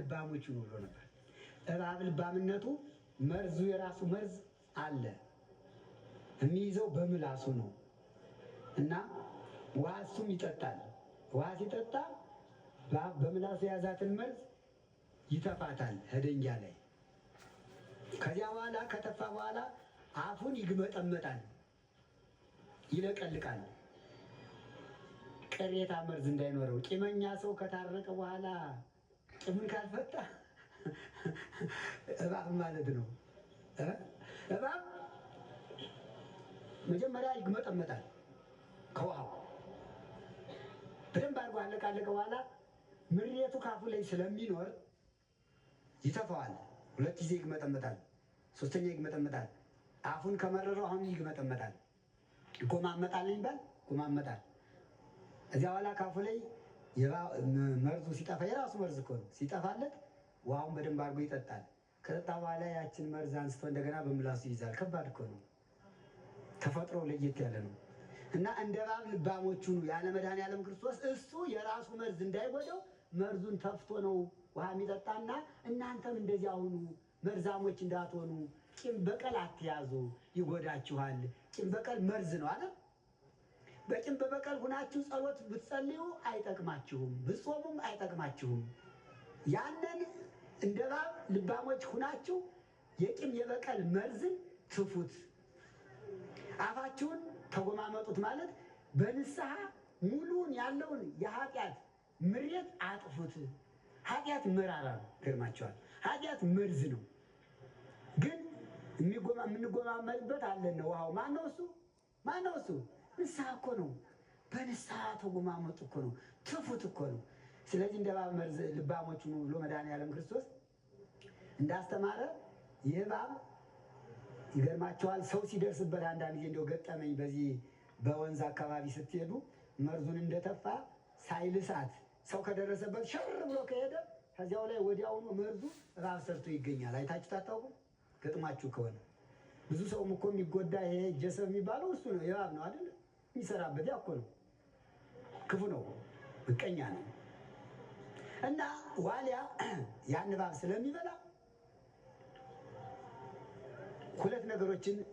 ልባሞች ይኖሩ ነበር። እባብ ልባምነቱ መርዙ የራሱ መርዝ አለ የሚይዘው በምላሱ ነው እና ውሃ እሱም ይጠጣል። ውሃ ሲጠጣ በምላሱ የያዛትን መርዝ ይተፋታል ህደንጃ ላይ። ከዚያ በኋላ ከተፋ በኋላ አፉን ይግመጠመጣል፣ ይለቀልቃል። ቅሬታ መርዝ እንዳይኖረው ቂመኛ ሰው ከታረቀ በኋላ ጥምን ካልፈታ እባብ ማለት ነው። እባብ መጀመሪያ ይግመጠመጣል ከውሃው በደንብ አድርጎ አለቃለቀ። በኋላ ምሬቱ ካፉ ላይ ስለሚኖር ይተፋዋል። ሁለት ጊዜ ይግመጠመጣል፣ ሶስተኛ ይግመጠመጣል። አፉን ከመረረው አሁን ይግመጠመጣል፣ ይጎማመጣል ይባል ጎማመጣል። እዚያ በኋላ ካፉ ላይ መርዙ ሲጠፋ የራሱ መርዝ እኮ ነው። ሲጠፋለት ውሃውን በደንብ አድርጎ ይጠጣል። ከጠጣ በኋላ ያችን መርዝ አንስቶ እንደገና በምላሱ ይይዛል። ከባድ እኮ ነው። ተፈጥሮ ለየት ያለ ነው እና እንደ እባብ ልባሞቹ ሁኑ ያለ መድኃኔዓለም ክርስቶስ እሱ የራሱ መርዝ እንዳይጎደው መርዙን ተፍቶ ነው ውሃ የሚጠጣና እናንተም እንደዚህ አሁኑ መርዛሞች እንዳትሆኑ። ቂም በቀል አትያዙ፣ ይጎዳችኋል። ቂም በቀል መርዝ ነው አይደል? በቂም በበቀል ሁናችሁ ጸሎት ብትጸልዩ አይጠቅማችሁም፣ ብትጾሙም አይጠቅማችሁም። ያንን እንደ እባብ ልባሞች ሁናችሁ የቂም የበቀል መርዝን ትፉት፣ አፋችሁን ተጎማመጡት ማለት በንስሐ ሙሉውን ያለውን የኃጢአት ምሬት አጥፉት። ኃጢአት መራራ ነው። ገርማቸዋል። ኃጢአት መርዝ ነው፣ ግን የምንጎማመልበት አለን ነው። ውሃው ማነው? እሱ ማነው? እሱ ንስሐ እኮ ነው። በንስሐ ተጎማመጡ እኮ ነው። ትፉት እኮ ነው። ስለዚህ እንደ እባብ መርዝ ልባሞች ብሎ ብሎ መድኃኒዓለም ክርስቶስ እንዳስተማረ ይህ እባብ ይገርማቸዋል። ሰው ሲደርስበት አንዳንድ ጊዜ እንደው ገጠመኝ። በዚህ በወንዝ አካባቢ ስትሄዱ መርዙን እንደተፋ ሳይልሳት ሰው ከደረሰበት ሸር ብሎ ከሄደ ከዚያው ላይ ወዲያውኑ መርዙ እባብ ሰርቶ ይገኛል። አይታችሁ ታታውቁ ገጥማችሁ ከሆነ ብዙ ሰውም እኮ የሚጎዳ ይሄ ጀሰብ የሚባለው እሱ ነው፣ የባብ ነው አይደል? የሚሰራበት ያኮ ነው። ክፉ ነው፣ ምቀኛ ነው። እና ዋሊያ ያን እባብ ስለሚበላ ሁለት ነገሮችን